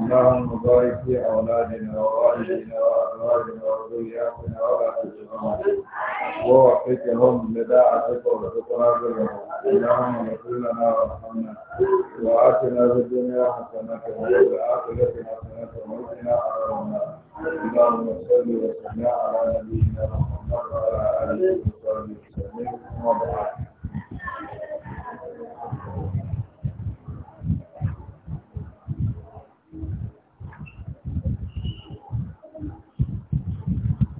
اللهم بارك في أولادنا ووالدنا وأزواجنا وذرياتنا ولا تجعلهم ووفقهم لداعتك وارزقنا اللهم اغفر لنا وارحمنا وآتنا في الدنيا حسنة وفي الآخرة حسنة وقنا عذاب النار اللهم صل وسلم على نبينا محمد وعلى آله وصحبه وسلم وبارك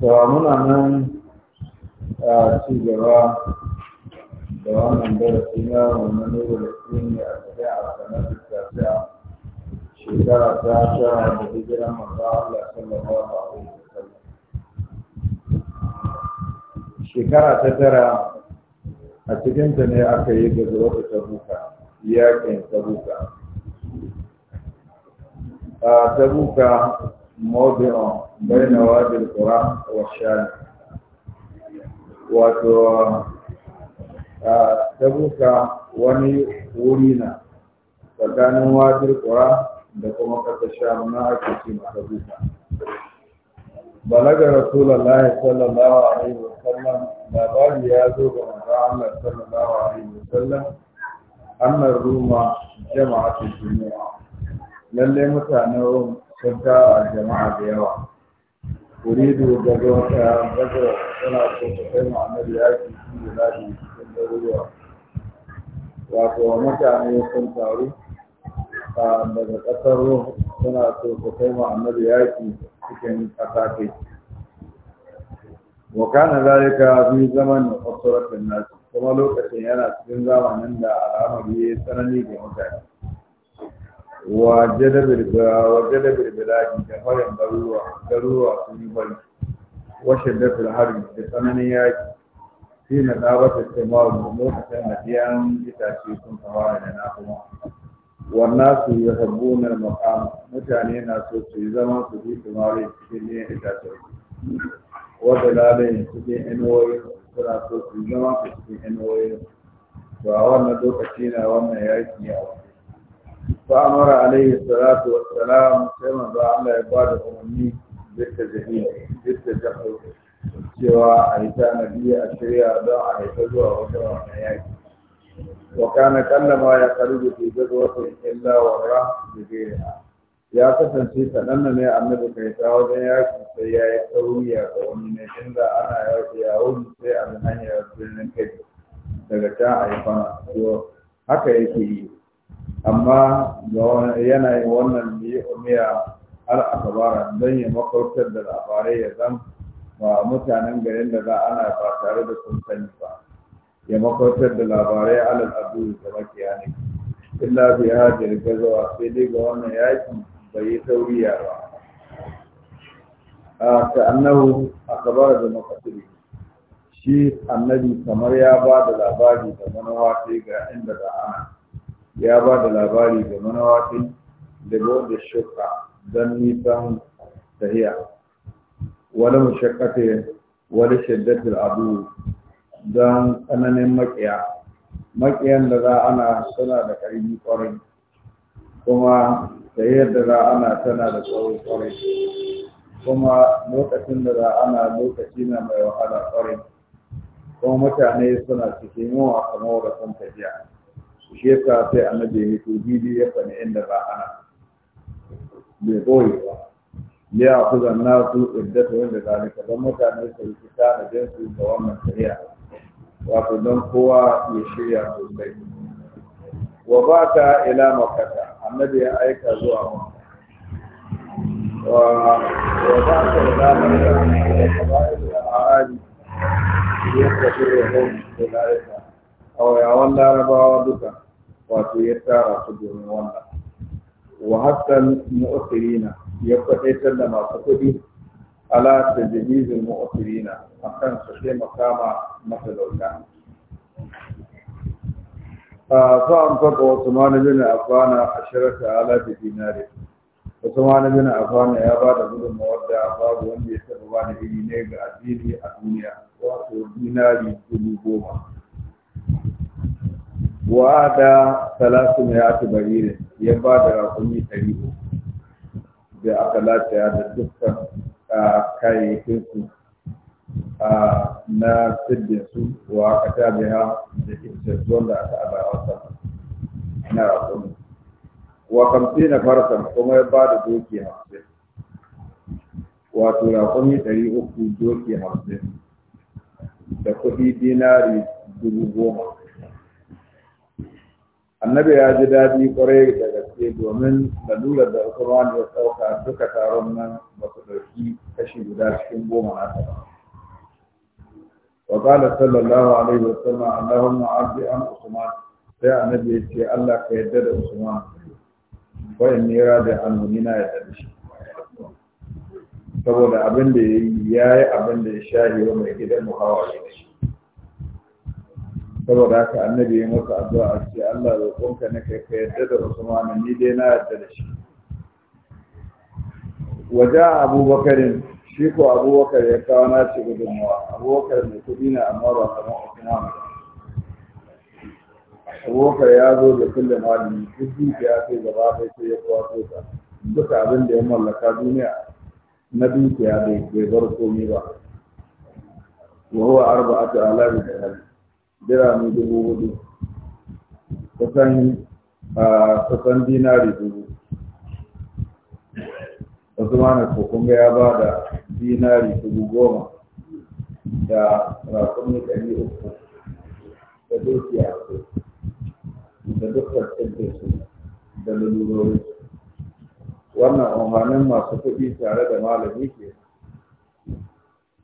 Tawa muna nan a ci gaba da wannan darasi na wannan nuru da su yi a cikin alkanar tafiya, shekara ta sha da hijiran manzo Allah sallallahu alaihi wasallam. Shekara ta tara a cikinta ne aka yi gazuwar ta buka, yakin ta A ta موضع بين وادي القرى والشام wato tabuka wani wuri na tsakanin wadir kura da kuma ƙasa na ake ce ma tabuka balaga rasulullahi sallallahu alaihi wa sallam labari ya zo ga manzo Allah sallallahu alaihi ruma jama'atul lalle mutanen rum تبدا الجماعه بيوا اريد غزو غزو انا كنت عمل ياكي في بلادي في الدوله wato mutane sun taru daga ƙasar ruhu suna so su kai muhammadu yaƙi cikin ƙasa ce wa kana zalika fi zaman usratin nas kuma lokacin yana cikin zamanin da al'amari ya tsanani ga mutane wa da biladi da farin garuruwa garuruwa sun yi bari wa shiddatul harbi da tsananin yaki shi na da taimawar da lokacin da biyan itace sun fara da na kuma wannan su ya habbu na makam mutane na so su yi zama su bi tumare cikin yin itace wata lalai cikin inuwoyin suna so su yi zama su cikin inuwoyin to a wannan lokaci na wannan yaki yawa fa amara alaihi salatu wassalam sai manzo Allah ya bada umarni bitta jahi bitta jahi cewa a yi tanadi a shirya don a haifar zuwa wata wannan yaki wa kana kallama ya karu fi gazwatin illa warra bi ghairiha ya kasance kaɗan ne annabi kai ta wajen yaki sai ya yi tsauriya ga wani ne inda ana yaki ya wuri sai a hanyar birnin kai daga can a yi fana haka yake yi amma yanayin wannan miya kabara don ya makwabtar da labarai ya zan ba mutanen garin da za ana ba tare da sun sani ba ya makwabtar da labarai alal abu da makiya ne illa bi hajjar zuwa, sai dai ga wannan yakin bai yi sauriya ba A kabara da بمقتله shi annabi kamar ya ba da labari da manuwa sai ga inda da ana ya ba da labari ga manawatin daga wanda shukka don nisan tahiya wani mashakkata wani shaddatar abu don tsananin makiya makiyan da za ana suna da ƙarfi ƙwarai kuma tahiyar da za ana tana da tsawon ƙwarai kuma lokacin da za ana lokaci na mai wahala ƙwarai kuma mutane suna cikin yawa kamar da sun tafiya shi yasa sai annabi ya hito bibi ya fani inda ba ana bai boye ba ya kuza na su iddata wanda zalika don mutane su yi fita na jinsu da wannan shari'a wato don kowa ya shirya sosai wa ba ta ila makata annabi ya aika zuwa makata wa ba ta ila makata da kaba'ir da a'ari ya tafi da hau da la'ika a wayawan larabawa duka wato ya tara su domin wannan wa hakan mu'sirina ya kwadaitar da masu kuɗi ala tajhizil mu'sirina akan su taimaka ma matalauta فأنفق عثمان بن عفان عشرة da دينار Usman bin Affan ya ba da gudunmawar da babu wanda ya taɓa ba da iri ne ga addini a duniya wato dinari dubu goma. wa da ya mai ati baririn ya ba da rakumi ɗari da aka lafiya da dukkan a na su wa aka biya da kirkirzuwan da aka wata na rakumi wa kamfi na farsa kuma ya ba da doki hamsin wato rakumi ɗari uku doki hamsin da kuɗi dinari dubu goma annabi ya ji dadi kwarai da gaske domin da dole da kuma ne ya sauka duka taron nan ba su dauki kashi guda cikin goma na ta وقال صلى الله عليه وسلم اللهم عبد عن عثمان سي النبي يتي الله كيدد عثمان وين يراد عن منا يدش سبب ابن دي ياي ابن دي شاهي ومي كده محاوله saboda haka annabi ya maka addu'a ce Allah roƙonka na kai ka yadda da Usman ni dai na yadda da shi waja Abubakar shi ko abubakar ya kawo na ce gudunmawa abubakar mai kuɗi na amma ba kamar Usman abubakar ya zo da kulle malami duk dukiya sai gaba sai sai ya kwaso ta duka abin da ya mallaka duniya na dukiya bai bar komai ba wa huwa arba'atu alabi da hali dirami dubu hudu kusan kusan dinari dubu wasu mana kokunga ya ba da dinari dubu goma da rakumi ɗari uku da dukiya su da dukkan tsibbin su da lalurori wannan umarnin masu kuɗi tare da malami ke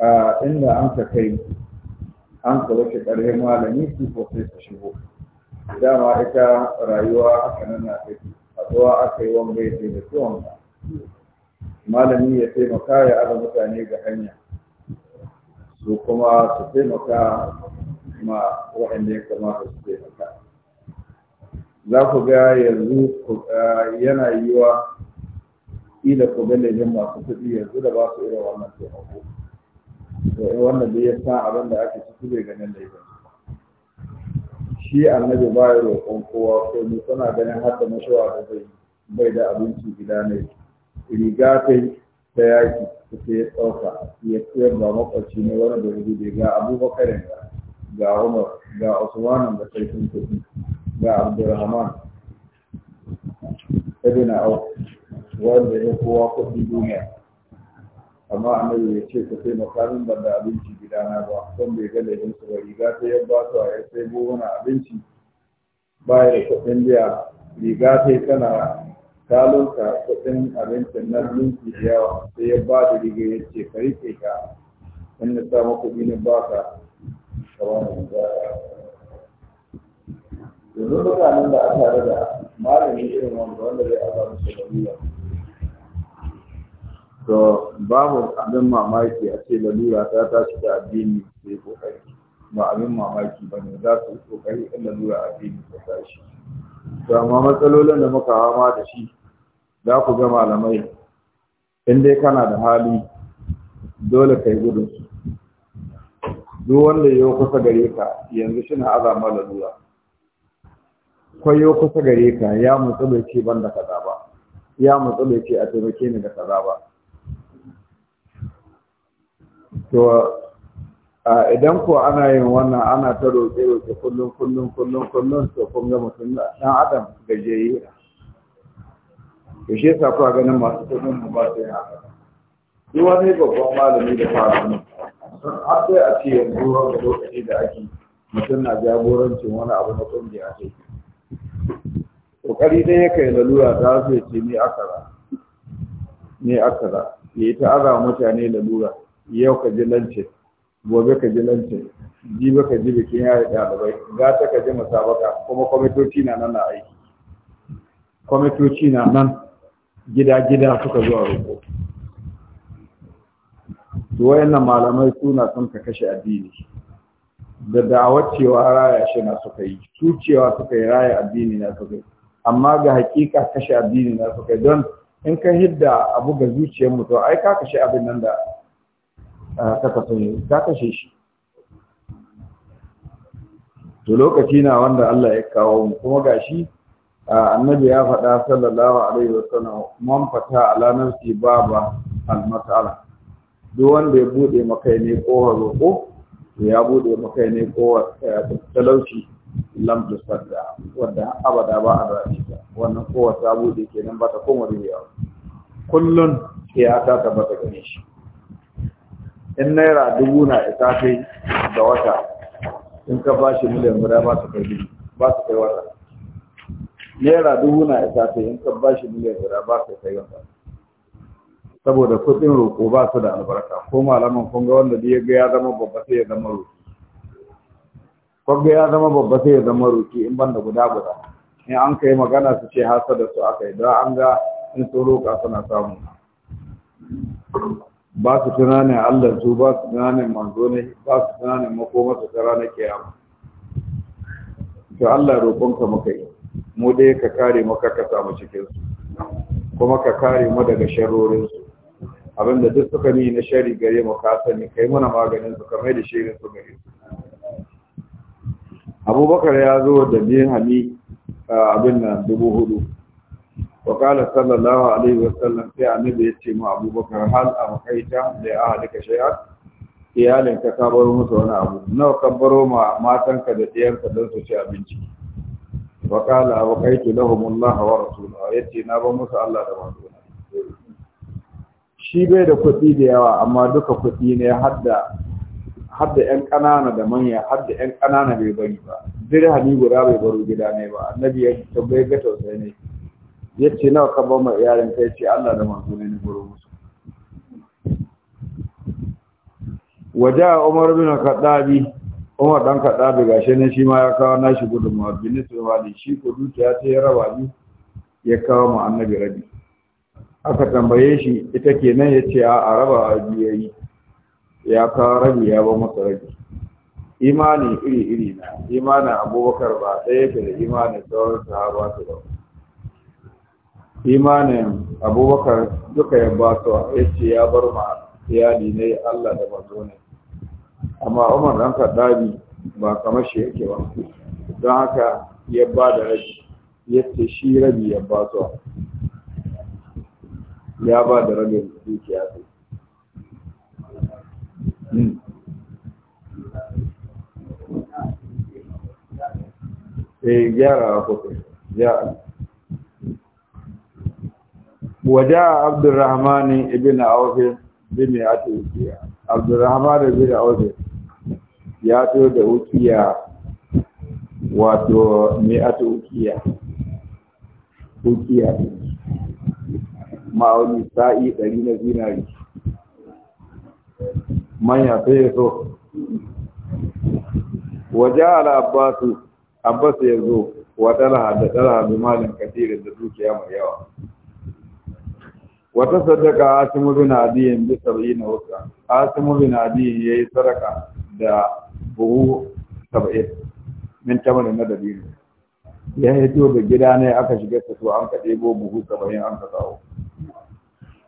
a inda an ka kai an ka ƙarfi malami su ko sai su shigo dama ita rayuwa haka nan na a aka yi wanga ya taimaki wanga malami ya taimaka ya ara mutane ga hanya su kuma su taimaka ma waɗanda ya kamata su taimaka za ku ga yanzu yana yiwa ƙila ku ga masu kuɗi yanzu da ba su irin wannan taimako wanda da ya sa abin da aka ci bai ganin laifin shi annabi ba ya roƙon kowa ko ne suna ganin har da mashawa da zai bai da abinci gida ne riga kai ta yaki ta ya ɗauka ya tsayar ba makwabci ne wani da rubu ga abubakar ga umar ga usmanin da sarkin kuɗi ga abdurrahman ibn auf wanda ya kowa kuɗi duniya amma annabi ya ce ka sai min ban da abinci gidana ba don bai ga da su ba riga ta yan ba su a ya sai buhuna abinci baya da kuɗin biya riga ta yi tana ka kuɗin abincin nan minti da yawa sai ya ba da riga ya ce ka riƙe ka in na samu kuɗi na ba ka da yanzu mutanen da aka rada malami irin wanda wanda zai aza musu da to babu abin mamaki a ce lalura ta tashi da addini sai kokari ba abin mamaki ba ne za su yi kokari in lalura addini ta tashi to amma matsalolin da muka hama da shi za ku ga malamai in dai kana da hali dole kai gudun su duk wanda ya kusa gare ka yanzu shi na azama lalura kwayo kusa gare ka ya mutsu bai ce ban da kaza ba ya mutsu bai ce a taimake ni da kaza ba to idan ko ana yin wannan ana ta roƙe roƙe kullum kullum kullum kullum to kun ga mutum ɗan adam gajeyi to shi yasa kuwa ganin masu kuɗin mu ba su yin haka duk wani babban malami da fara mu har sai a ce yanzu wani lokaci da ake mutum na jagorancin wani abu na kungiya ce Ƙoƙari dai yake lalura ta zai ce ni akara ni akara ya yi ta ara mutane lalura yau ka ji lance gobe ka ji lance ba ka ji bikin yare ɗalibai ta ka ji musabaka kuma kwamitoci na nan na aiki kwamitoci na nan gida-gida suka zuwa roƙo wayannan malamai suna sun ka kashe addini da da'awar cewa raya shi na suka yi su cewa suka yi raya addini na suka yi amma ga hakika kashe addini na suka yi don in ka hidda abu ga zuciyar mutum ai ka kashe abin nan da kasafin ka kashe shi to lokaci na wanda Allah ya kawo mu kuma gashi annabi ya faɗa sallallahu alaihi wa sallam man fata ala nafsi baba al mas'ala duk wanda ya bude maka ne kohar roƙo ya bude maka ne kohar eh, talauci lam tusadda wanda abada ba a rashi ta wannan kohar ta bude kenan ba ta koma rubewa kullun sai ya ta tabbata gane shi in naira dubu na isa kai da wata in ka ba shi miliyan guda ba su kai ba su kai wata naira dubu na isa kai in ka ba shi miliyan guda ba su kai wata saboda kuɗin roƙo ba su da albarka ko malaman kun ga wanda ya ga ya zama babba sai ya zama roƙi kwagga ya zama babba sai ya zama roƙi in banda guda guda in an kai magana su ce hasa da su aka yi don an ga in sun roƙa suna samu ba su tunanin Allah su ba su tunanin manzo ne ba su tunanin makoma su tara na kiyama to Allah roƙonka muka yi mu dai ka kare mu ka samu cikin su kuma ka kare mu daga sharorin su abinda duk suka yi na shari gare mu ka sani kai muna maganin su kamar da shirin su gare su Abubakar ya zo da biyan hami abin nan dubu hudu wa qala sallallahu alaihi wa sallam sai annabi ya ce ma abubakar hal abkaita da ahlika shay'an iyalin ka ka baro musu wani abu nawa ka baro matan ka da ɗiyanka don su ci abinci wa qala abkaitu lahum Allah wa rasuluhu yace na ba musu Allah da manzo shi bai da kuɗi da yawa amma duka kuɗi ne hadda hadda ƴan ƙanana da manya hadda ƴan ƙanana bai bari ba dirhami guda bai baro gida ne ba annabi ya tambaye ga tausayi ne ya ce nawa ka bama ma yaran ka ya ce Allah da masu ne ni goro musu a Umar bin Khattabi Umar dan ga shi ne shi ma ya kawo nashi gudunmawa bin Sulaiman shi ko dukiya ta ya raba ni ya kawo ma annabi rabi aka tambaye shi ita kenan ya ce a raba a biyayi ya kawo rabi ya ba masa rabi imani iri iri na imanin abubakar ba ɗaya ke da imanin sauran sahaba su ba imanin abubakar duka ya ba su ya ce ya bar ma iyali ne Allah da mazo ne amma umar ɗan kaɗabi ba kamar shi yake ba don haka ya ba da rabi ya ce shi rabi ya ba su ya ba da rabin dukiya ya hmm. Eh gyara a kuka, gyara. waja abdurrahman ibn auf bin ati ukiya abdurrahman ibn auf ya to da ukiya wato me ati ukiya ukiya ma'auni sa'i ɗari na zinari manya sai so waje ala abbasu ya zo wa talha da da dukiya mai yawa wata sadaka asimu bin adiyin bi sab'ina wasa asimu bin adiyin yayi sadaka da buhu sab'in min tamarin na dabiru ya aka shiga ta so an ka ɗebo buhu saba'in an ka kawo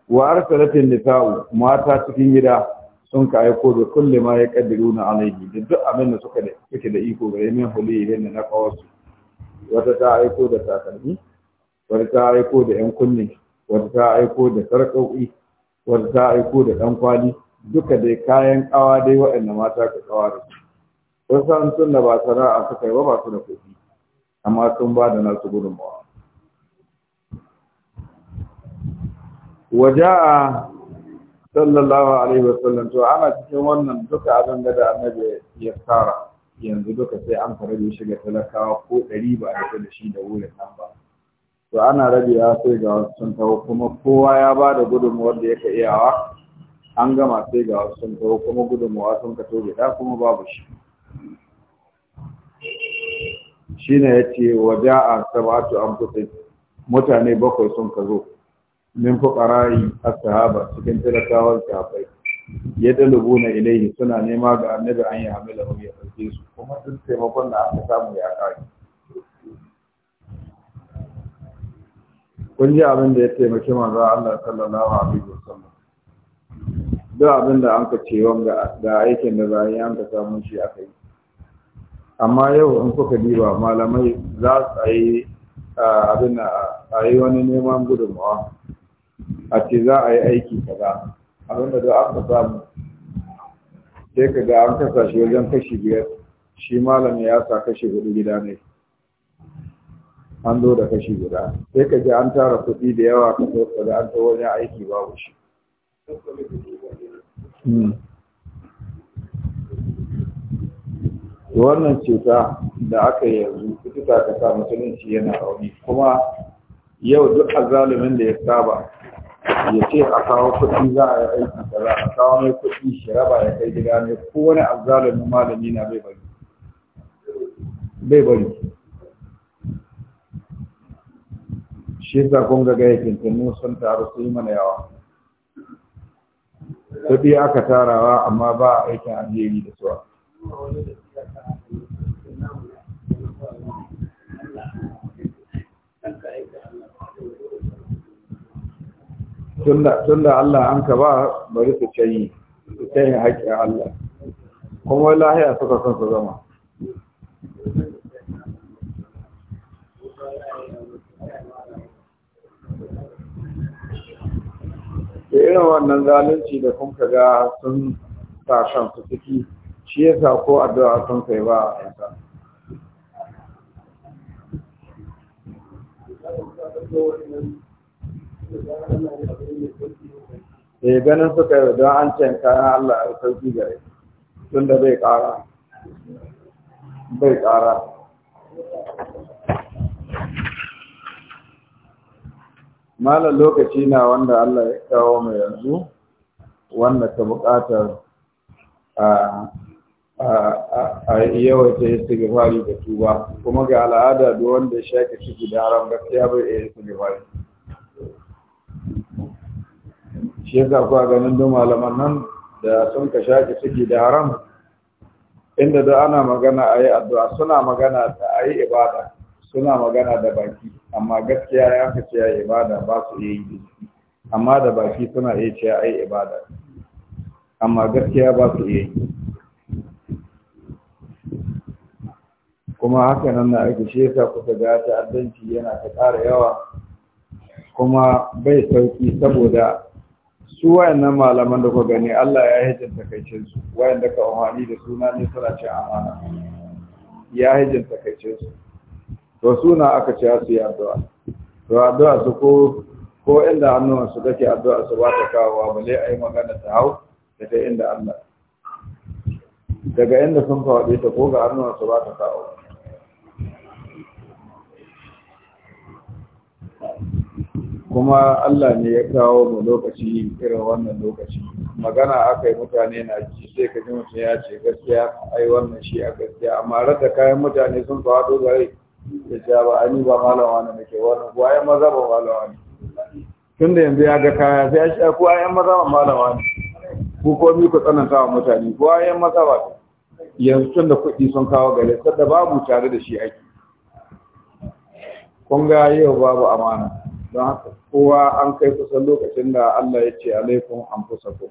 wa arsalatin nisa'u mata cikin gida sun ka aiko da kulle ma ya kaddiru na alaihi da duk abin da suka da suke da iko gare min huli irin na kawarsu wata ta aiko da takalmi wata ta aiko da yan kunne wata ta aiko da sarƙauƙi wata ta aiko da ɗan kwali duka dai kayan ƙawa dai waɗanda mata ka ƙawa da su wasu sun da ba sana'a suka yi ba ba su da kuɗi amma sun ba da nasu gudunmawa waja'a sallallahu alaihi sallam to ana cikin wannan duka abin da annabi ya tsara yanzu duka sai an fara shiga talakawa ko ɗari ba a da shi da wurin nan ba to ana ya sai ga wasu sun kawo kuma kowa ya ba da gudunmuwar da yake iyawa an gama sai ga wasu sun kawo kuma gudunmuwa sun ka toge da kuma babu shi shine yace waja'a sab'atu anfusih mutane bakwai sun ka zo min fuqara'i as-sahaba cikin talatawar sahabbai ya na ilaihi suna nema ga annabi an yi amila ya ɗauke su kuma duk taimakon da aka samu ya ƙare kun ji abin da ya taimaki manzo Allah sallallahu alaihi wasallam duk abin da an ka ce wa, ga aikin da zai an ka samu shi yi. amma yau in kuka diba malamai za su yi abin da a yi wani neman gudunmawa a ce za a yi aiki kaza abin da duk an ka samu sai ka ga an kasa shi wajen kashi biyar shi malami ya sa kashi hudu gida ne an zo da kashi guda sai ka ji an tara kuɗi da yawa ka so ka an ta wani aiki babu shi hmm. wannan cuta da aka yi yanzu cuta ta sa musulunci yana rauni kuma yau duk azalumin da ya saba ya ce a kawo kuɗi za a yi aiki ka za a kawo mai kuɗi shi raba ya kai gida ne ko wani azalumin malami na bai bari bai bari shi yasa kun ga gayyacin sun taru su yi mana yawa kuɗi aka tarawa amma ba a aikin alheri da suwa tunda Allah an ka ba bari su canyi su canyi haƙƙin Allah kuma lahiya suka son su zama irin wannan zalunci da kun ga sun sa su ciki shi yasa ko addu'a sun kai ba a yanka Eh ganin suka yi don an ce kayan Allah a sauki gare tun da bai kara bai ƙara malar lokaci na wanda Allah ya kawo mai yanzu wanda ta buƙatar a yawaita istighfari da tuba kuma ga al'ada da wanda ya shaƙi ciki da haram gaskiya bai iya istighfari shi ya yasa kuwa ganin duk malaman nan da sun ka shaƙi ciki da haram inda da ana magana a yi addu'a suna magana da a yi ibada suna magana da baki amma gaskiya ya aka ce ibada ba su iya yi amma da baki suna iya ce ai ibada amma gaskiya ba su iya yi kuma haka nan na ake shi yasa kuka ga ta'addanci yana ta ƙara yawa kuma bai sauki saboda su wayannan malaman da ku gani Allah ya kai takaicin su wayanda ka amfani da suna ne suna cin amana ya kai takaicin su to suna aka ce su yi addu'a to addu'a su ko ko inda hannuwan su take addu'a su ba ta kawowa bale a yi magana ta hau da ta inda Allah daga inda sun faɗi ta ko ga hannuwan su ba ta kawowa kuma Allah ne ya kawo mu lokaci irin wannan lokaci magana aka yi mutane na ji sai ka ji mutum ya ce gaskiya ai wannan shi a gaskiya amma rada kayan mutane sun faɗo gare ya ce ba ani ba malawa ne nake wani ko ayan maza ba malawa ne tun da yanzu ya ga kaya sai ya ce ko ayan maza ba malawa ne ko komi ku tsananta wa mutane ko ayan maza ba yanzu tun da kuɗi sun kawo gare sadda babu tare da shi aiki kun ga yau babu amana don haka kowa an kai kusan lokacin da Allah ya ce alaikum an fusa ku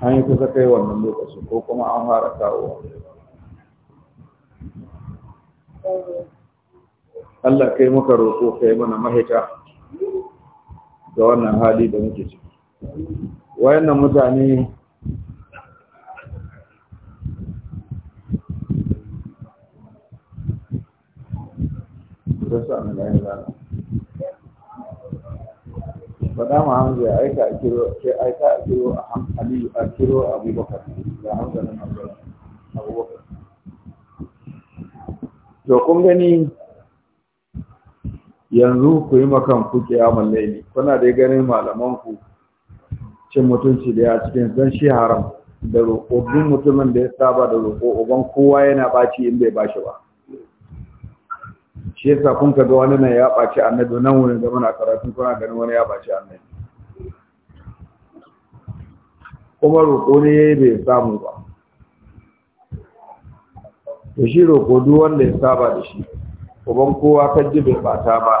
an yi kusa kai wannan lokacin ko kuma an fara kawo Allah kai muka roƙo kai mana mahita ga wannan hali da muke ciki wayannan mutane Bada ma hamza ya aika a kiro aika a kiro a aliyu a kiro abubakar da hamza na abubakar to kun gani yanzu ku yi makan ku kiyamar laili kuna dai ganin malaman ku cin mutunci da ya cikin zan shi haram da roƙo duk mutumin da ya saba da roƙo uban kowa yana baci in bai bashi ba shi yasa kun ka ga wani mai ya baci annabi nan wurin da muna karatu kuna ganin wani ya annabi kuma roƙo ne bai samu ba to shi roƙo duk wanda ya saba da shi uban kowa kan ji bai bata ba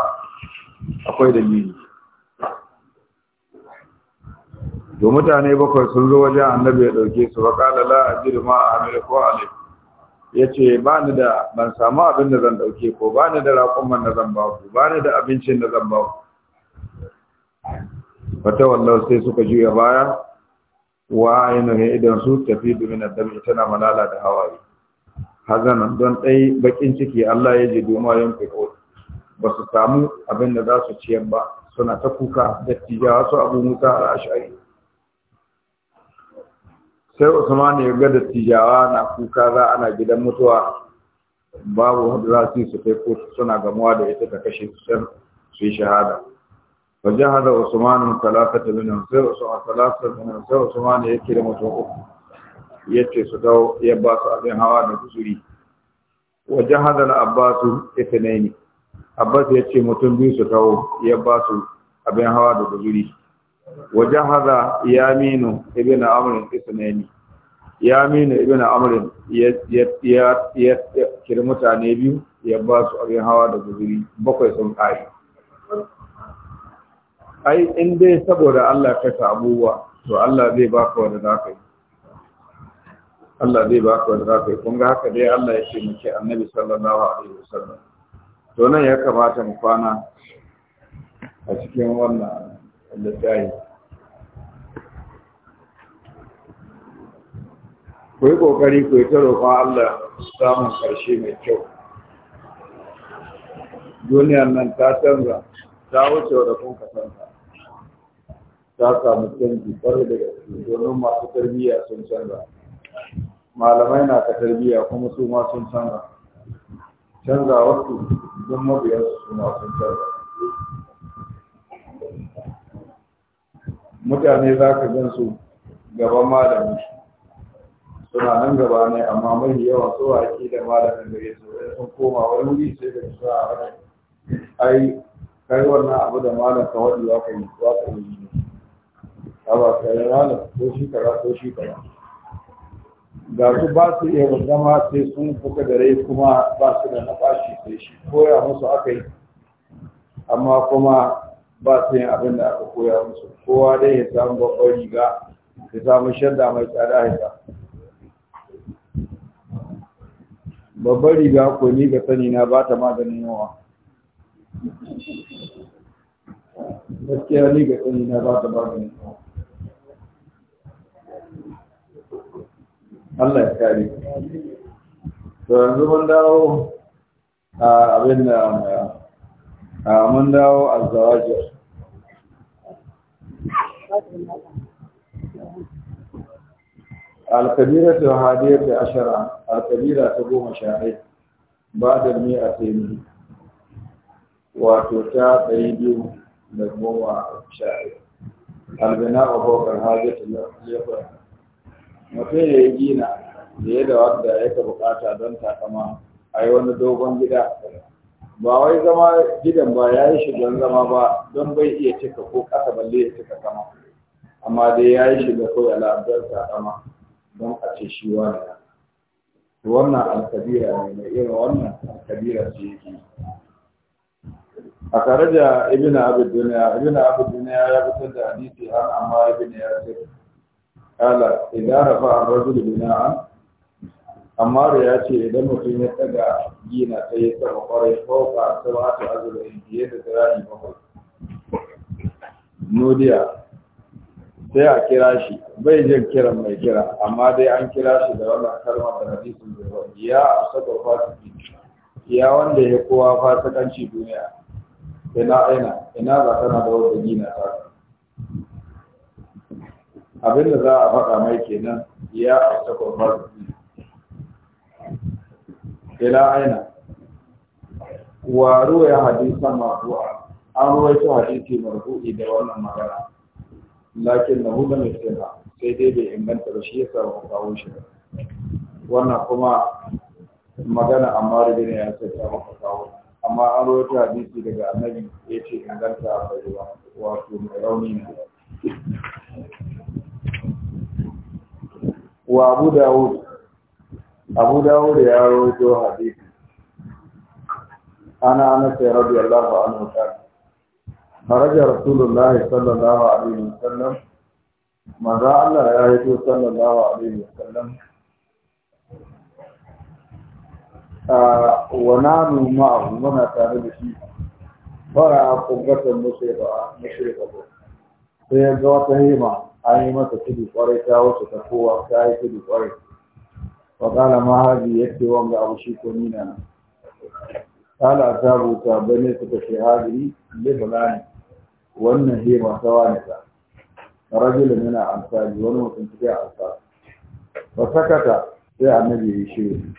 akwai dalili to mutane bakwai sun zo wajen annabi ya dauke su wa qala la jiri ma amir ko alif ce, ba ni da ban samu abin da zan dauke ko ba ni da raƙon da zan ba ku ba ni da abincin da zan ba ku wata wallahu sai suka juya baya wa ainihin idan su tafi domin dami tana malala da hawaye hazanan don ɗai bakin ciki Allah ya ji goma yin fiko ba su samu abin da za su ciyar ba suna ta kuka da tijawa su abu musa a ashari sai usman ya ga da tijawa na kuka za ana gidan mutuwa babu wanda za su yi su kai kotu suna gamuwa da ita ta kashe su su yi shahada wajen hada usmanin talata da sai usman talata da sai usman ya kira mutuwa. uku yace su dawo ya ba su abin hawa da kusuri wajen hadal abbasu itinaini abbas ya ce mutum biyu su dawo ya ba su abin hawa da kusuri wajen hada yaminu ibn amrin itinaini yaminu ibn amrin ya kiri mutane biyu ya ba su abin hawa da kusuri bakwai sun ƙari ai in dai saboda Allah ka abubuwa to Allah zai baka wanda za ka yi Allah zai baka wanda za ka yi kun ga haka dai Allah ya ce muke annabi sallallahu alaihi sallam to nan ya kamata mu kwana a cikin wannan littafi ku yi ƙoƙari ku yi ta roƙon Allah samun ƙarshe mai kyau duniyar nan ta canza ta wuce wadda kun kasanta ta samu canji ƙwarai da gaske domin masu tarbiyya sun canza malamai na ta tarbiyya kuma su ma sun canza canza wasu don mabiyansu su ma sun canza mutane za ka gan su gaban malami suna nan gaba ne amma mai yawan tsohon a da malamin da ya so sun koma wani wuri sai da su a wani ai kai wannan abu da malam ka waɗi wa ka yi wa ka yi ne a ba ka yi malam ko shi kara ko shi kara ga su ba su iya zama sai sun fuka dare kuma ba su da nafashi sai shi koya musu aka yi amma kuma ba su yin abin da aka koya musu kowa dai ya samu babbar riga ya samu shadda mai tsada ya babbar riga ko ni ga sani na ba ta maganin yawa gaskiya ni ga sani na ba ta maganin yawa الله يسعدك kare to yanzu mun dawo a الكبيرة هادية عشرة الكبيرة تقوم شاهد بعد المئتين وتوتا تريد لقوم شاهد البناء فوق الحاجة ليقرأ mutum ya yi gina da ya da wanda ya ka bukata don takama a yi wani dogon gida ba wai zama gidan ba ya yi shi don zama ba don bai iya cika ko kasa balle ya cika sama amma dai ya yi shi da kawai al'adar takama don a ce shi wani wannan alkabira ne mai irin wannan alkabira ce yake a tare da ibina abin duniya ibina abin duniya ya fitar da hadisi har amma ibina ya fitar kala idan rafa ar-rajulu bina'a amma da ya ce idan mutum ya daga gina sai ya saba kwarai fauka sabatu azrain biye da zira'i bakwai nodiya sai a kira shi bai jin kiran mai kira amma dai an kira shi da wannan kalma da hadisin da ya saka fasiki ya wanda ya kowa fasikanci duniya ina aina ina za na da wanda gina ta abin da za a faɗa mai kenan ya a takwa farfi ila aina waro ya masu marfu'a an ruwaito hadisi marfu'i da wannan magana lakin na hula mai tsira sai dai bai inganta da shi yasa ba kawo shi wannan kuma magana amma da ya ce ta maka kawo amma an rawaito hadisi daga annabi ya ce inganta a ba wato mai rauni na. وابو داود ابو داود يا تو حديث انا انس رضي الله عنه قال خرج رسول الله صلى الله عليه وسلم ماذا الله يا رسول صلى الله عليه وسلم آه، ونام معه وما كان بشيء فرأى قبة المشرقة مشرقة فيجوا تهيما an yi masa tudu kwarai ta wuce ta kowa ta yi tudu kwarai wa kala haji ya ce wanga abu shi ko nina na kala ta buta bane suka ce hadiri ne. wannan hema ta wani ta rajulun yana amfani wani mutum cikin amsali ba sakata sai annabi ya shi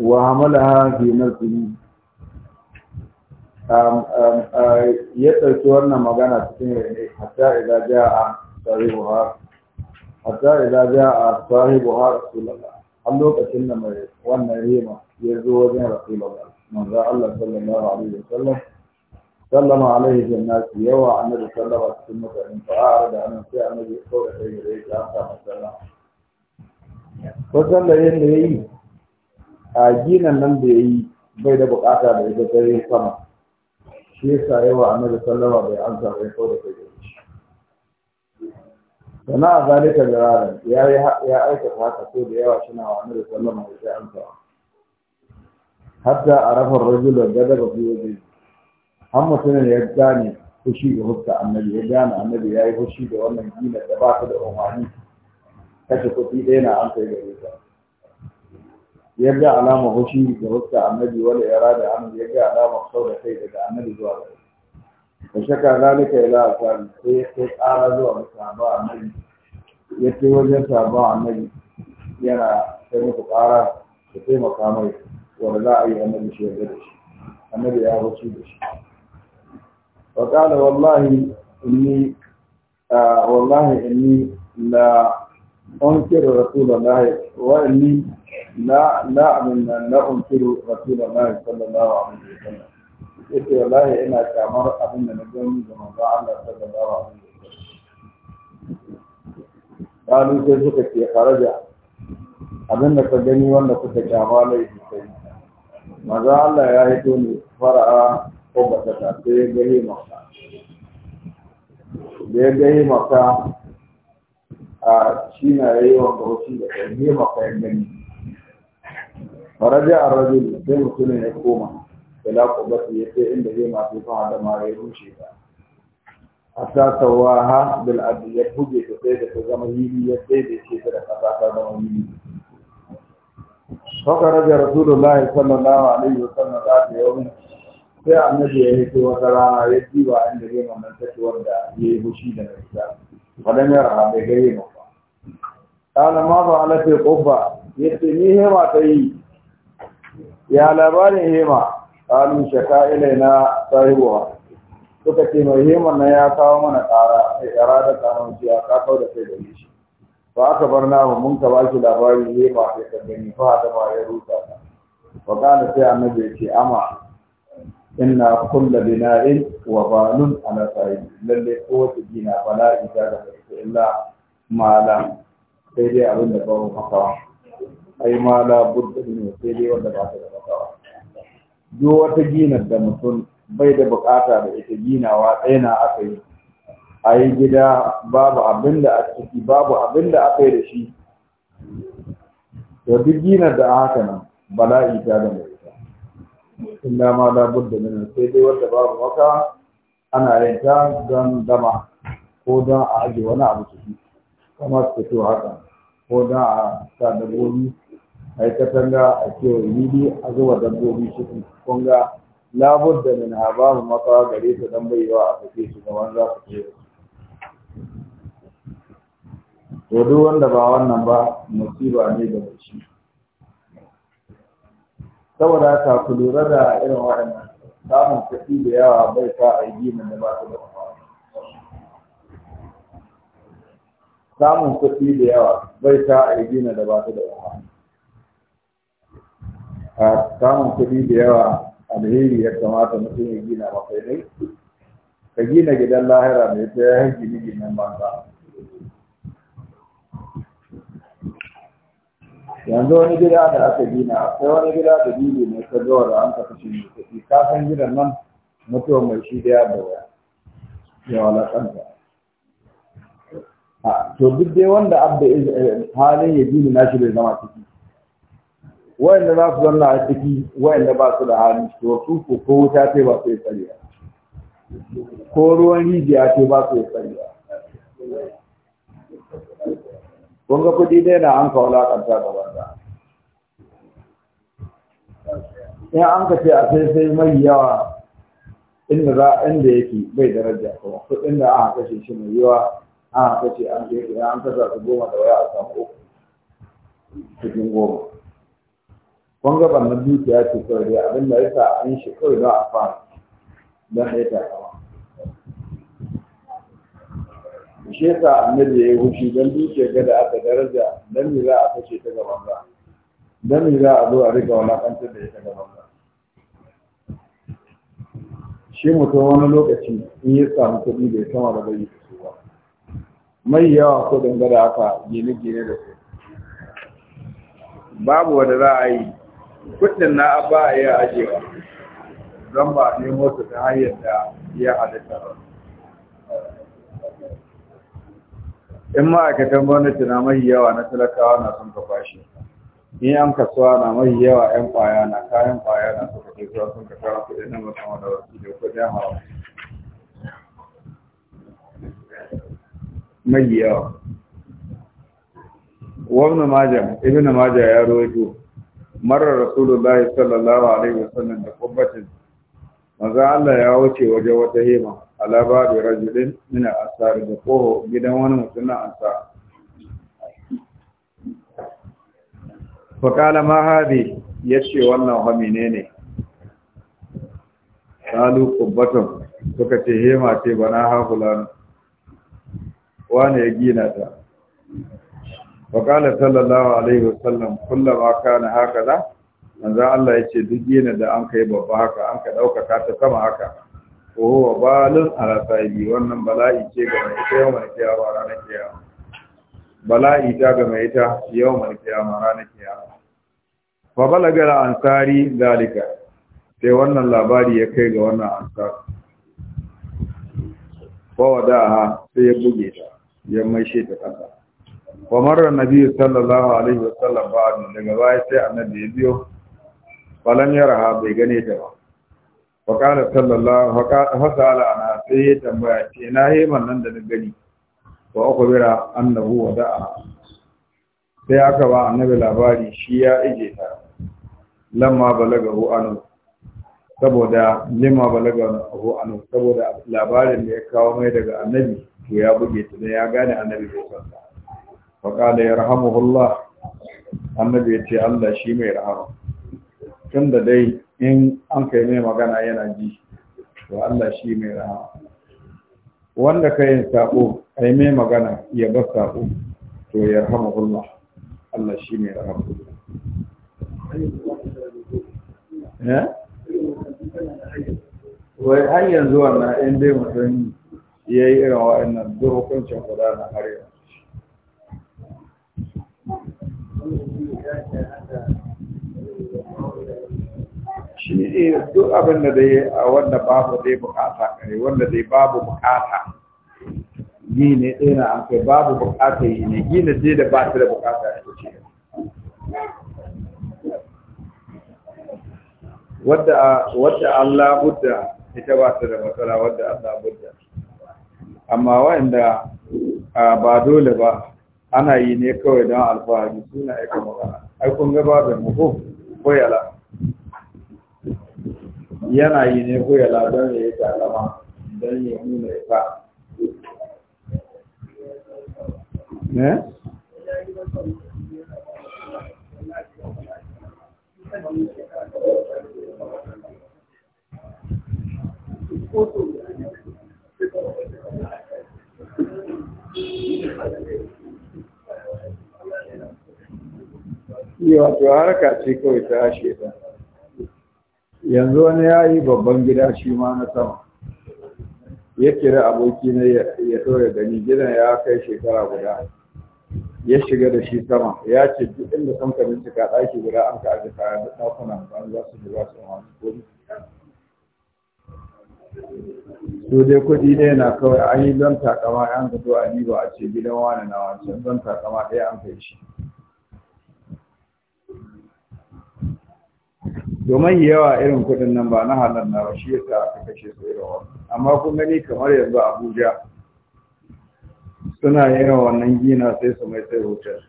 wa Hamala ke fi nafsihi Um, um, uh, ya ɗauki wannan magana cikin rene hatta idan ja a sahibu har hatta idan ja a sahibu har rasulallah har lokacin da mai wannan rima ya zo wajen rasulallah manzo Allah sallallahu alaihi wasallam sallama alaihi jannati yawa annabi sallama cikin mutane fa a da annabi sai annabi kawai sai ya yi ta amsa sallama ko sallar yadda ya yi a ginan nan da ya yi bai da bukata da ita sai sama shi yasa yawa annabi sallama bai amsa bai ko da kai sana a zalika jiraran ya ya aikata haka so da yawa shina wa annabi sallama bai sai amsa hatta arafa rajul gadaba fi wajhi har mutumin ya gane fushi ga hukka annabi ya gane annabi ya yi fushi da wannan gina da ba ta da umarni kashe kuɗi ɗaya na an kai gare ta yadda alama hushi da wasu annabi wani yara da annabi yadda alama sau da kai daga annabi zuwa da gare da shaka zalika ila asali sai ya kai zuwa da sabon annabi ya ce wajen sabon annabi yana sai muku ƙara da taimaka mai wanda za a yi annabi shi yadda da shi annabi ya hushi da shi wa qala wallahi inni wallahi inni la أنكر رسول الله وإني na na abin nan na unkiru rasulullahi sallallahu alaihi wasallam yace wallahi ina kamar abin da na gani da manzo Allah sallallahu alaihi wasallam kalu sai suka ce kharaja abin da ka gani wanda kuka kyama laifi sai manzo Allah ya hito ne fara'a ko ba ta ta sai gari maka da ya gari maka a shi na yayi wa bauchi da gari maka ya gani faraja a rajul sai mutumin ya koma ila kubatu ya sai inda zai masu fa da mara ya rushe ta asasa wa ha bil abdi ya buge ta sai da ta zama yiri ya sai da ce ta da kasa ta zama yiri فخرج رسول الله صلى الله عليه وسلم ذات يوم sai annabi ya yi wata rana ya diba inda zai mamantacewar da ya yi hushi da nasa wadan yara bai gare mu ba kana ma ba alafe kofa ya ce ni hema ta yi ya labarin hema kalu shaka ilaina sahibuwa suka ce mai heman na ya kawo mana kara a yara da kanon jiya ka da kai da shi ba aka bar namu mun ka shi labarin hema da kan gani fa da ba ya rusa ta Ba kana sai annabi ya ce ama inna kulla bina'in wa banun ala sahibi lalle kowace gina bala'i ta da illa malam sai dai abin da babu kafa ai ma la budda ne sai dai wanda ba ta da kawa duk wata ginar da mutum bai da bukata da ita ginawa ɗaya na aka yi a yi gida babu abin da aka ciki babu abin da aka yi da shi to duk ginar da aka nan bala'i ta da mai ita Da ma la budda ne sai dai wanda babu maka ana yin ta don dama ko don a aje wani abu ciki kamar fito haka ko don a sa dabbobi ai ga a cewa yidi a zuwa dabbobi shi kun ga labur da min hababu makawa gare ta dan baiwa a sake shi ga za ku ce to duk wanda ba wannan ba musiba ne da shi saboda ta ku lura da irin wannan samun kuɗi da yawa bai sa a yi da ba su da samun kuɗi da yawa bai sa a yi da ba su da umarni a samun kuɗi da yawa alheri ya kamata mutum ya gina masa ne ka gina gidan lahira mai ta yi gini ginin banza yanzu wani gida da aka gina akwai wani gida da bibi mai ta zuwa da an tafi shi mai kuɗi ka san gidan nan mutuwa mai shi daya da waya ya walakanta to duk dai wanda abda eh, halin ya gini nashi bai zama ciki wa'anda za su zanna a ciki wa'anda ba su da hannu su su ko ko wuta ce ba su yi tsariya ko ruwan rijiya ce ba su yi tsariya kun ga kuɗi dai na an kawo lakanta da banza in an ka ce a sai sai mai yawa inda za inda yake bai daraja kuma kuɗin da aka kashe shi mai yawa aka kashe an ya an kasa su goma da waya a samu uku cikin goma kun ga bannan dukiya ce kawai dai abin da yasa an shi kawai za a fara don a yi takawa shi yasa annabi ya yi hushi don ga gada aka daraja don me za a kashe ta gaban ba don me za a zo a riga wulakantar da ita gaban ba shi mutum wani lokaci in ya samu kuɗi bai sama da bai ba mai yawa ko dangada aka gine-gine da su babu wanda za a yi kudin na ba a iya ajewa don ba ne motsa ta hanyar da ya halitta ba in ma'aikatan gwamnati na mahi yawa na talakawa na sun kafa shi in an kasuwa na mahi yawa yan kwaya na kayan kwaya na suka ke zuwa sun ka kawo kudin na musamman da wasu da kudin hawa mahi yawa wani ibi na maja ya rawaito marar rasulullahi sallallahu alaihi wasallam da kubbatin maza Allah ya wuce waje wata hema alaba da rajulin nuna asar da koho gidan wani mutum na ansa fa kala ya ce wannan hami ne ne kalu kubbatun suka ce hema ce bana hafulan wane ya gina ta وقال صلى الله عليه وسلم ما كان هكذا manzan Allah yace duk yana da an kai babba haka an ka ɗaukaka ta kama haka ko huwa balin alasaili wannan bala'i ce ga mai ita yau mai kiyama ranar kiyama bala'i ta ga mai ita yau mai kiyama ranar kiyama fa balaga da ansari dalika sai wannan labari ya kai ga wannan ansar da ha sai ya buge ta ya maishe ta kasa wa marar nabi sallallahu alaihi sallam ba daga baya sai annabi ya biyo ya raha bai gane ta ba wa qala sallallahu wa qala ana sai ya tambaya ce na heman nan da na gani wa akhbira annahu da'a sai aka ba annabi labari shi ya ije ta lamma balagahu anu saboda limma balagahu anu saboda labarin da ya kawo mai daga annabi to ya buge ta da ya gane annabi bai san faƙala ya rahama rahamuhullah annabi ya ce Allah shi mai rahama tun da dai in an kai mai magana yana ji to Allah shi mai rahama wanda ka yin saƙo ai mai magana ya bar saƙo to ya rahamuhullah Allah shi mai rahama wai har yanzu wannan in mutum ya yi irin wa'annan duk hukuncin guda na har yanzu shi ne eh, duk abin da dai a wanda babu dai bukata kare wanda dai babu bukata yi ne ɗaya na kai babu bukata yi ne gina dai da ba su da bukata ya ce wadda Allah budda ita ba su da matsala wadda Allah budda amma wa'anda ah, ba dole ba ana yi ne kawai don alfahari suna aika magana ai kun ga babin mako koyala yana yi ne koyala don ya yi talama don ya nuna fa ne? Thank you. wato harka ce kawai ta ashe ta yanzu wani ya yi babban gida shi ma na sama ya kira aboki na ya ɗora gani gidan ya kai shekara guda ya shiga da shi sama ya ce duk inda sun ka bincika ɗaki guda an ka aji kayan da ɗakunan ba za su ji za su hawa kodi dai kuɗi ne na kawai an yi don takama an ka zo a liba a ce gidan wani na wancan don takama ɗaya an kai shi domin yawa irin kuɗin nan ba na halar na shi yasa aka kashe su irin wannan amma kun gani kamar yanzu abuja suna yawa wannan gina sai su mai sai hotel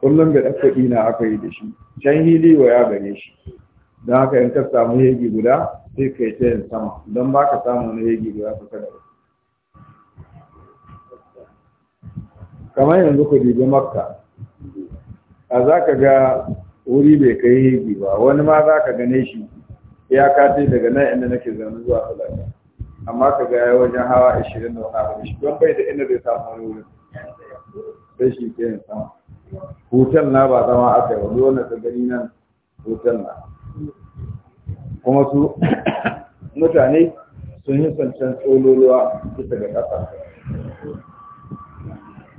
kullum da kuɗi na aka yi da shi can hili wa ya gane shi don haka in ka samu hegi guda sai ka yi ta yin sama don ba ka samu wani hegi guda ka da kamar yanzu ku dibi makka a za ka ga wuri bai kai hegi ba wani ma za ka gane shi ya kace daga nan inda nake zaune zuwa talata amma ka ga wajen hawa ashirin da wani abu shi don bai da inda zai samu wani wurin sai shi ke yin sama hotel na ba zama aka yi wani wanda ta gani nan hotel na kuma su mutane sun yi sancan tsololuwa bisa ga ƙasa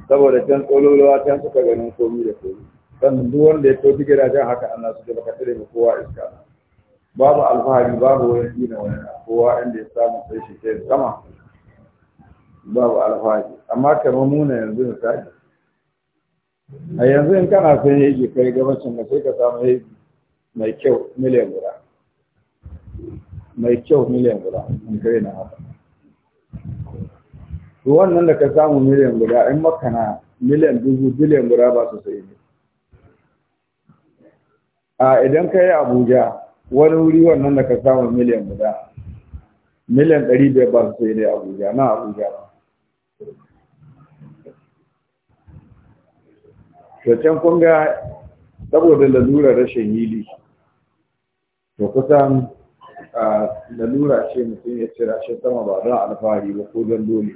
saboda can tsololuwa can suka ganin komi da komi sannan duk wanda ya tofi rajin haka Allah su baka tare da kowa iska babu alfahari babu wani gina wani kowa inda ya samu sai shi ke sama babu alfahari amma kamar ne yanzu sai a yanzu in kana son yegi kai gabacin da sai ka samu yegi mai kyau miliyan guda mai kyau miliyan guda in kai na haka wannan da ka samu miliyan guda in makana miliyan dubu biliyan guda ba su sai ne a idan ka yi abuja wani wuri wannan da ka samu miliyan guda miliyan ɗari biyar ba su sai ne abuja na abuja ba to can kun ga saboda lalura rashin hili to kusan lalura ce mutum ya cira shi sama ba don alfahari ba ko don dole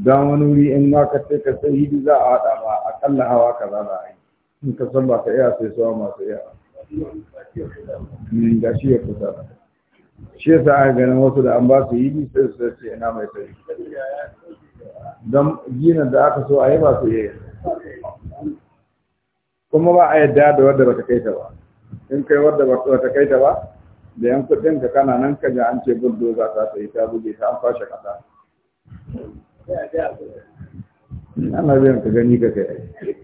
don wani wuri in ma ka sai ka sai hili za a haɗa ba akalla hawa ka za a yi in ka san ba ka iya sai suwa masu iya ga shi ya kusa shi yasa aka ganin wasu da an ba su yi sai su ce ina mai sai don gina da aka so a yi ba su yi kuma ba a yadda da wadda ba ta kai ta ba in kai wadda ba ta kai ta ba da yan kudin ka kana nan ka ji an ce bulldoza za ta sai ta buge ta an fashe kasa ana biyan ka gani ka kai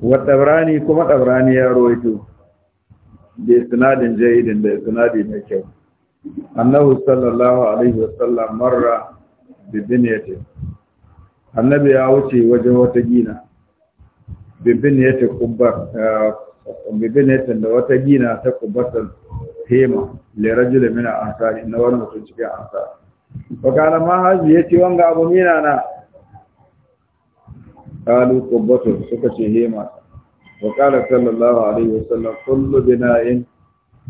wadabrani kuma Ɗabrani ya roito, da sanadin jayidin da sinadin mai kyau annabi sallallahu alaihi wasallam marra bi binyati annabi ya wuce wajen wata gina bi binyati kubba eh, bibinatin da wata gina ta kubatar tema lirajul min ansari na wani mutum cikin ansari fa kana ma haji yace wanga abu mina na qalu kubatu suka ce hema wa sallallahu alaihi wasallam kullu bina'in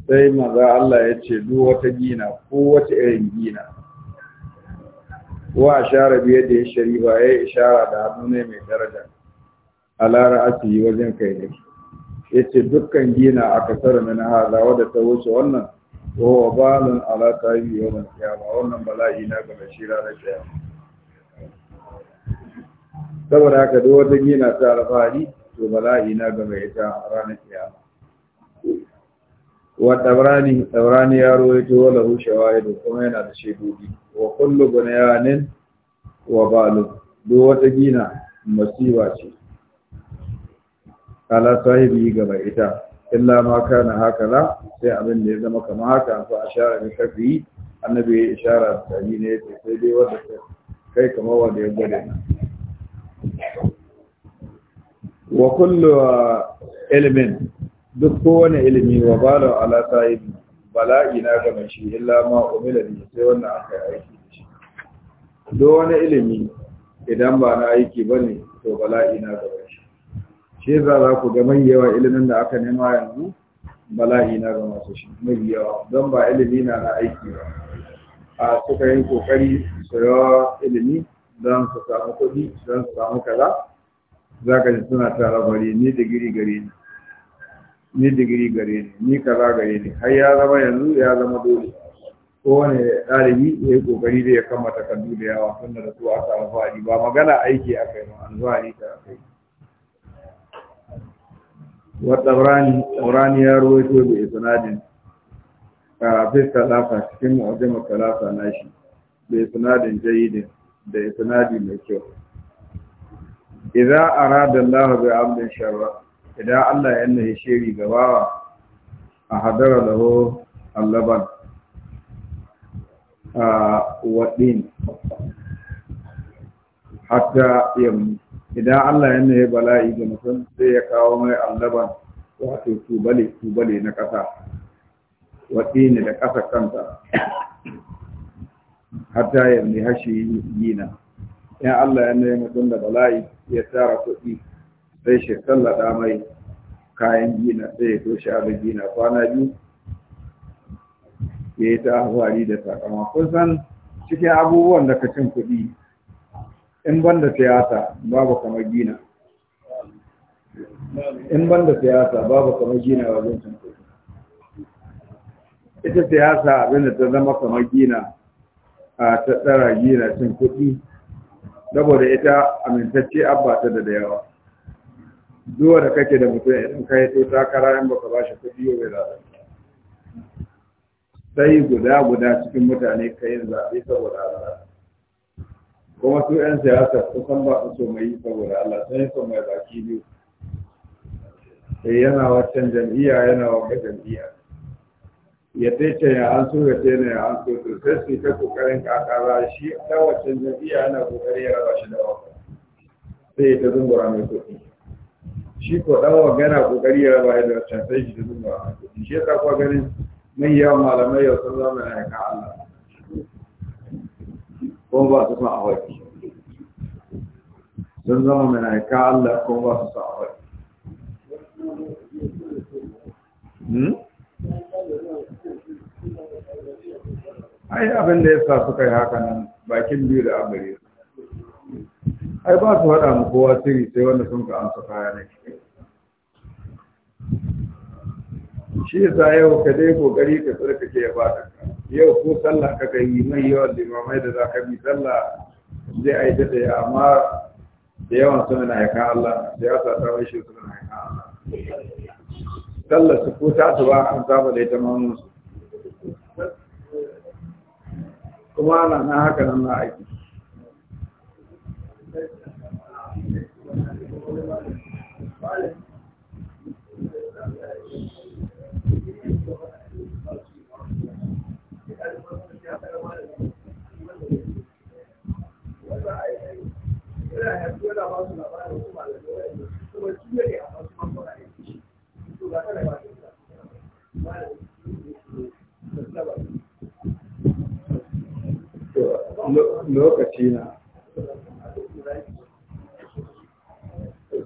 sai maza Allah ya ce, duk wata gina ko wata irin gina wa ashara bi yadihi ya yi ishara da hannu ne mai daraja A lara ra'asi wajen kai ne yace dukkan gina a kasar min hada wadda ta wuce wannan wa balan ala tayi mai qiyama wannan bala'i na ga shira na qiyama saboda haka duk wata gina ta alfahari to bala'i na ga mai ita ranar qiyama wa tabrani tabrani ya rawaito wala hu da kuma yana da shaidodi wa kullu bunyanin wa balu duk wata gina masiba ce ala sahibi ga mai ita illa ma kana hakala sai abin da ya zama kama haka fa ashara bi kafi annabi ya ishara da ni ne yace sai dai wanda kai kamar wanda ya gode wa kullu ilmin duk kowane ilimi wa bala ala sahibi bala'i na ga mai shi illa ma umila ne sai wannan aka yi aiki da shi duk wani ilimi idan ba na aiki bane to bala'i na ga shi yasa za ku ga mai yawa ilimin da aka nema yanzu bala'i na ga masu shi mai yawa don ba ilimi na na aiki ba a suka yi kokari su yawa ilimi don su samu kuɗi don su samu kaza za ka ji suna tara bari ni digiri gare ni ni digiri gare ni ni kaza gare ni har ya zama yanzu ya zama dole kowane ɗalibi ya yi ƙoƙari da ya kammata takardu da yawa tun da su aka alfahari ba magana aiki aka yi ma alfahari ta aka yi wa tsabrani tsabrani ya rawaito bi isnadin a fi salafa cikin mu'jamar salafa nashi da isnadin jayyidin da isnadi mai kyau idan arada Allah bi abin sharra idan Allah ya nahi shiri ga bawa a hadara lahu allaban a wadin hatta yamma idan Allah ya nayi bala'i ga mutum sai ya kawo mai allaban wato tubale tubale na ƙasa waɗi ne da ƙasa kanta hatta ya ne hashi na in Allah ya mutum da bala'i ya tara kuɗi sai shi sallada mai kayan gina sai ya toshe abin gina kwana biyu ya yi ta da sakamakon san cikin abubuwan da ka cin kuɗi in banda siyasa babu kamar gina in banda siyasa babu kamar gina wajen cin kuɗi ita siyasa abinda ta zama kamar gina a ta tsara gina cin kuɗi saboda ita amintacce abba ta da yawa zuwa da kake da mutum idan ka yi to takara in baka ba shi kuɗi yau bai zaɓe sai guda guda cikin mutane ka yin zaɓe saboda Allah kuma su 'yan siyasa san ba su mai yi saboda Allah sun yi so mai baki biyu sai eh, yana waccan jam'iyya yana wata jam'iyya ya taice ya an so ya tena ya an so to sai su ta kokarin ba shi ta waccan jam'iyya yana kokari ya raba shi da wata sai ta zungura mai kuɗi shi ko ɗan wanga yana kokari ya raba da waccan sai shi ta zungura mai kuɗi shi ya sa kuwa ganin mai yawan malamai yau sun zama na Allah Ko ba su son a sun zama mai ka Allah ko ba su son a haƙi hmm? ai abin da ya sa suka yi haka nan bakin biyu da amare ai ba su haɗa mu kowa siri sai wanda sun ka amsa kaya ne shi yasa yau ka dai kokari ka tsarkake ya ka. yau ko sallah ka yi mai yawan limamai da za ka bi sallah zai aida da ya amma da yawan suna na haikan Allah da ya sa tsawon shi suna na haikan Allah sallah su ko ta su ba an saba da ita mamun kuma ana na haka nan na aiki Thank you. lokaci na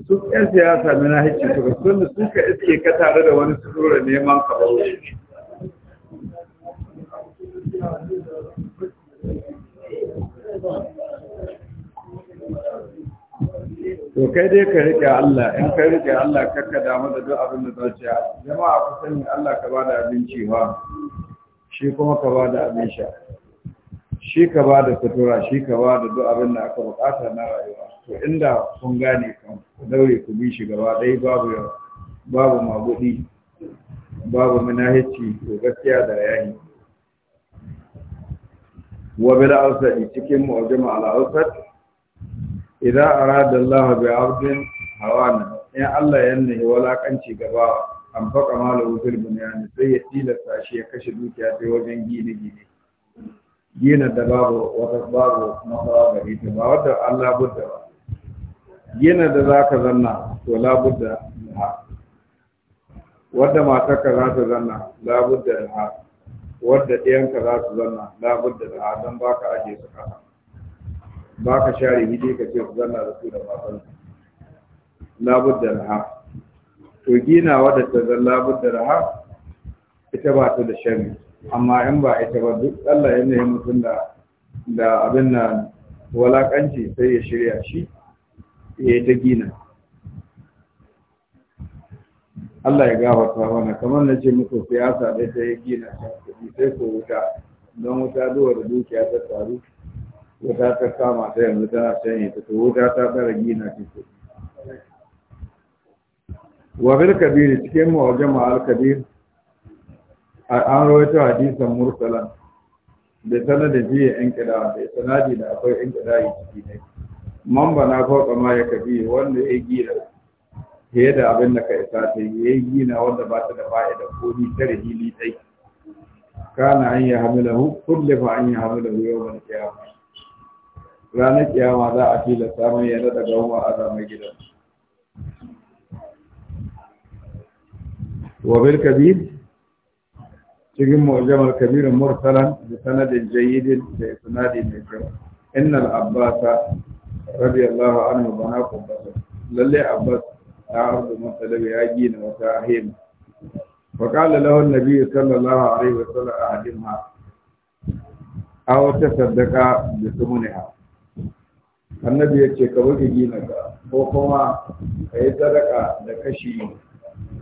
su 'yan siyasa na hikci suka sun suka iske ka tare da wani su dora neman ka to kai dai ka rike Allah in kai rike Allah kakka damu da duk abin da zuciya jama'a ku sani Allah ka bada abinci ba shi kuma ka bada abin sha shi ka bada sutura shi ka bada duk abin da aka bukata na rayuwa to inda kun gane kan ku daure ku bi shi gaba ɗaya babu babu magudi babu minahici, to gaskiya da yayi wa bil ausadi cikin jama'a al ausad idan arada Allah bi abdin hawana in Allah ya nahi walakanci gaba an faka malahu fil bunyani sai ya tilasta shi ya kashe dukiya sai wajen gine gine gina da babu wata babu masawa da ita ba wadda Allah budda ba gina da zaka zanna to la budda ha wadda matarka za ta zanna labudda da ha wadda ɗiyanka za su zanna labudda da ha don ba ka ajiye su kasa ba ka share hidi ka ce ku zanna da su da matan labudda raha to gina wadda ta zan labudda raha ita ba ta da shari amma in ba ita ba duk Allah ya yin mutum da da abin nan walakanci sai ya shirya shi ya ta gina Allah ya gafarta mana kamar na ce muku siyasa da ta yi gina sai ko wuta don wuta duwar dukiya ta taru wuta ta kama ta yanzu tana sanya ta to wuta ta tsara gina ce wa bil kabir cikin jama'a al kabir an rawaito hadisan mursalan da sanadin fiye yan kida da sanadi da akwai yan kida yi ciki ne man bana ko ma ya kabi wanda ya gina fiye da abin da ka isa ta yi ya gina wanda ba ta da fa'ida ko ni tare hili dai kana an yi hamilahu kullu fa an yi hamilahu yawmal qiyamah ranar kiyama za a tilasta samun yana daga wa a zamar gidan wabil kabir cikin mu'jamar kabirin mursalan da sanadin jayyidin da isnadi mai kyau innal abbasa radiyallahu anhu bana kubbasa lalle abbas a arzu masalabi ya gina wata ahim. wa hema فقال له النبي صلى الله عليه وسلم أهدمها أو تصدق بثمنها annabi ya ce ka wuce ka ko kuma ka yi sadaka da kashi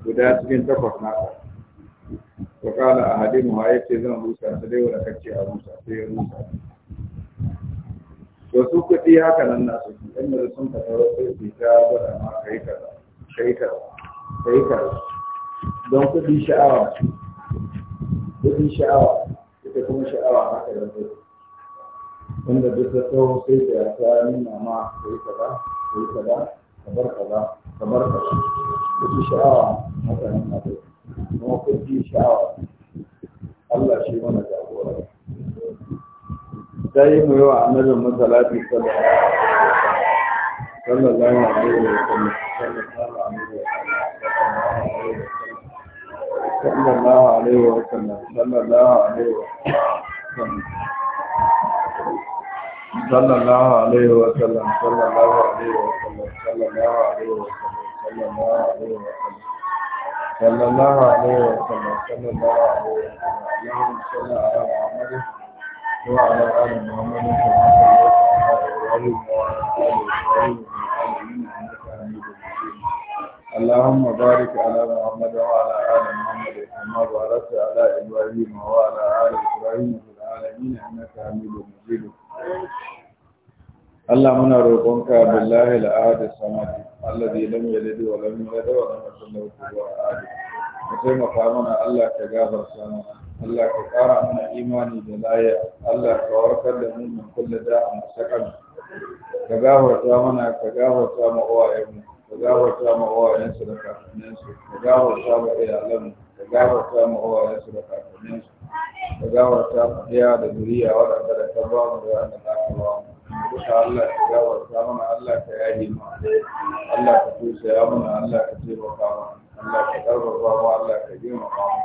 guda cikin takwas naka wa kala a hadin ma ya ce zan rusa ta dai wani kacce a rusa sai ya rusa to su kuɗi haka nan na su ɗan da sun ka sai su ta gwada ma kai kaza yi kaza yi kaza don kuɗi sha'awa kuɗi sha'awa ita kuma sha'awa haka da zai inda duk ta tsawo sai da ta nuna ma ka yi kaza ka yi kaza ka bar kaza ka bar kaza ka ci sha'awa mutanen na kai kuma ka ci sha'awa Allah shi mana jagora yi mu yi wa annabi sallallahu alaihi wa sallam sallallahu alaihi wa sallam sallallahu alaihi wa sallam sallallahu alaihi wa sallam sallallahu alaihi wa sallam sallallahu alaihi wa sallam sallallahu alaihi wa sallam sallallahu alaihi wa sallam sallallahu alaihi wa sallam sallallahu alaihi wa sallam sallallahu alaihi wa sallam sallallahu alaihi wa sallam sallallahu alaihi wa sallam sallallahu alaihi wa sallam اللهم بارك على محمد وعلى آل محمد كما باركت على إبراهيم وعلى آل إبراهيم في العالمين إنك حميد مجيد Allah muna roƙonka billahi al'adu samad alladhi lam yalid wa lam yulad wa lam yakul lahu kufuwan ahad Mu taimaka mana Allah ka gafarta mana Allah ka ƙara mana imani da laya Allah ka warkar da mu min kulli da'in sakam ka gafarta mana ka gafarta mu uwayenmu ka gafarta mu su da kafin kakanninsu ka gafarta mu iyalanmu ka gafarta mu su da kafin kakanninsu ka gafarta mu iya da zuriya waɗanda da ka ba mu da waɗanda ba mu duka Allah ka gawarta mana Allah ka yaye mu Allah ka tushe mana Allah ka taimaka mana Allah ka karfafa mu Allah ka girmama mu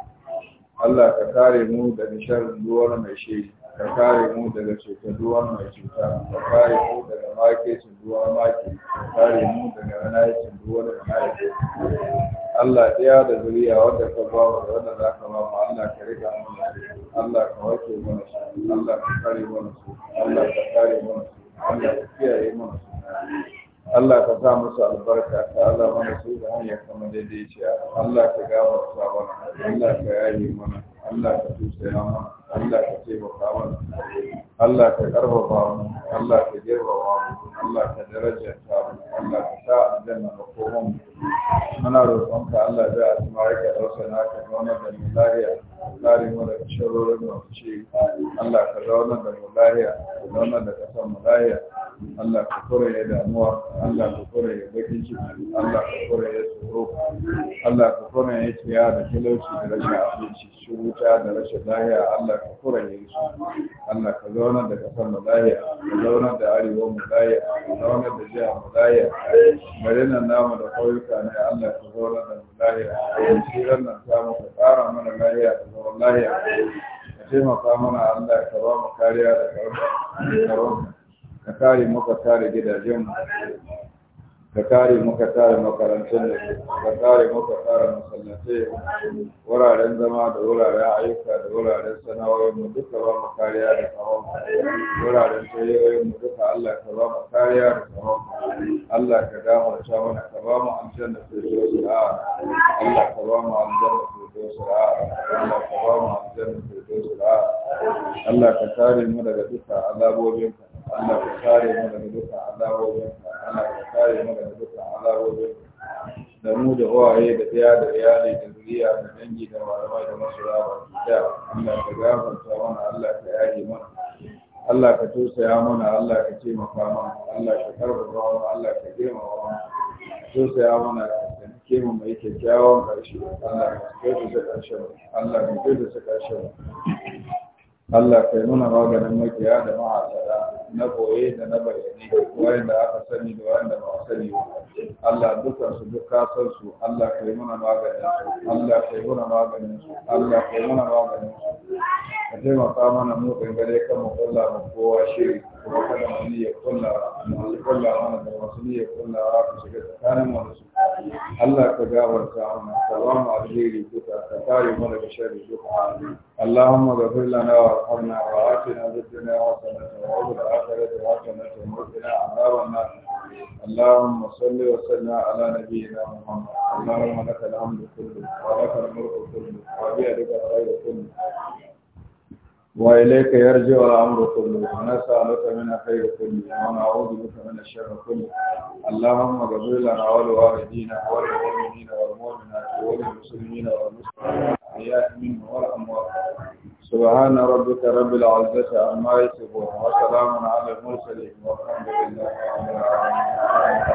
Allah ka kare mu daga sharrin duwar mai shi ka kare mu daga cutar duwar mai cuta ka kare mu daga makecin duwar maki ka kare mu daga ranayacin duwar ranayacin Allah ɗaya da zuriya wadda ka ba wa wadda za ka ba mu Allah ka riga mana Allah ka wake mana su Allah ka kare mana su Allah ka kare mana su Allah ka kiyaye mana su Allah ka sa musu albarka ta Allah mana su da hanyar kama daidaiciya Allah ka gafarta mana Allah ka yaye mana Allah ka tusaya mana Allah ka taimaka mana Allah ka karfafa mu Allah ka girmama mu Allah ka daraja ta mu Allah ka sa aljanna koma mu muna roƙonka Allah da asma'ika da na ka zama da mu kare mu daga sharorin mawuce Allah ka zauna da mu lahiya ka zauna da ƙasar mu lahiya Allah ka kura ya damuwa Allah ka kura ya bakin ciki Allah ka kura ya tsoro Allah ka kura ya ciya da talauci da rashin abinci shuruta da rashin lahiya Allah ka kura ya su Allah ka zauna da ƙasar mu lahiya ka zauna da arewa mu lahiya ka zauna da jiha mu lahiya garin nan namu da ƙauyuka ne Allah ka zauna da mu lahiya ka tsirar nan samu ka ƙara mana lahiya da wallahi ka taimaka mana Allah ka ba mu kariya da karon ka kare muka kare gidajenmu ka kare muka kare makarantun da ka kare muka kare masallatai wuraren zama da wuraren ayyuka da wuraren sana'o'in mu duka ba mu kariya da tsawon wuraren tayoyin mu duka Allah ka ba mu kariya da tsawon Allah ka gafarta mana ka ba mu aljanna ta zuwa Allah ka ba mu aljanna ta الفردوس الأعلى الله mu الجنة الفردوس الأعلى الله كتاري من لدكا على بوجهك الله كتاري من لدكا على بوجهك الله كتاري da mu da waye da ɗaya da iyali da zuriya da dangi da malamai da masoya da Allah ka gafarta mana Allah ka yaye mana Allah ka tausaya mana Allah ka taimaka mana Allah ka karfafa mana Allah ka girmama mana tausaya mana ke mu mai kyakkyawan ƙarshe Allah ka kyautata ƙarshen Allah ka kyautata ƙarshen Allah kai muna maganin makiya da mahasara na boye da na bayani wanda aka sani da wanda ba sani ba Allah dukkan su duk kasar su Allah kai muna maganin su Allah kai muna maganin su Allah kai muna maganin su ka taimaka mana mu dangane kan mu kulla mu kowa shiri Allah ka gafarta mana salamu alheri duka ka tare mana da shari duka Allahumma ghafir lana wa arhamna wa da bidduna wa sanata wa ubud akhirati wa sanata wa ubudina amara wa Allahumma salli wa sallam ala nabiyyina Muhammad Allahumma laka alhamdu kullu wa laka almulku kullu wa biya duka alayhi kullu وإليك يرجع الأمر كله ونسألك من الخير كله ونعوذ بك من الشر كله اللهم اغفر لنا ولوالدينا والمؤمنين والمؤمنات وللمسلمين والمسلمات الحياة منهم والأموات سبحان ربك رب العزة عما يصفون وسلام على المرسلين والحمد لله رب العالمين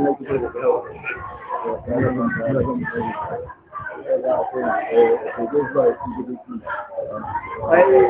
ai